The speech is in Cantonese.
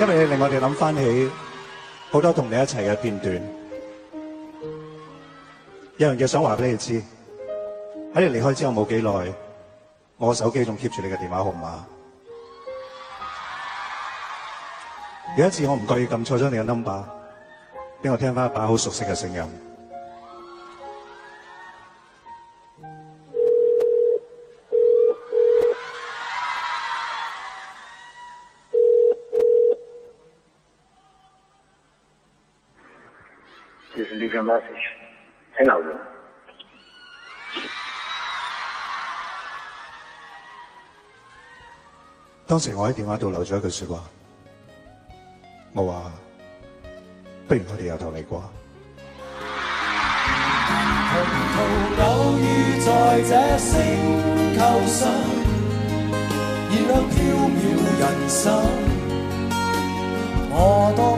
因為令我哋諗返起好多同你一齊嘅片段。有，有樣嘢想話俾你知。喺你離開之後冇幾耐，我的手機仲 keep 住你嘅電話號碼。有一次我唔覺意撳錯咗你嘅 number，畀我聽返一把好熟悉嘅聲音。嘅 message，係冇。當時我喺電話度留咗一句說話，我話：不如我哋由頭嚟過。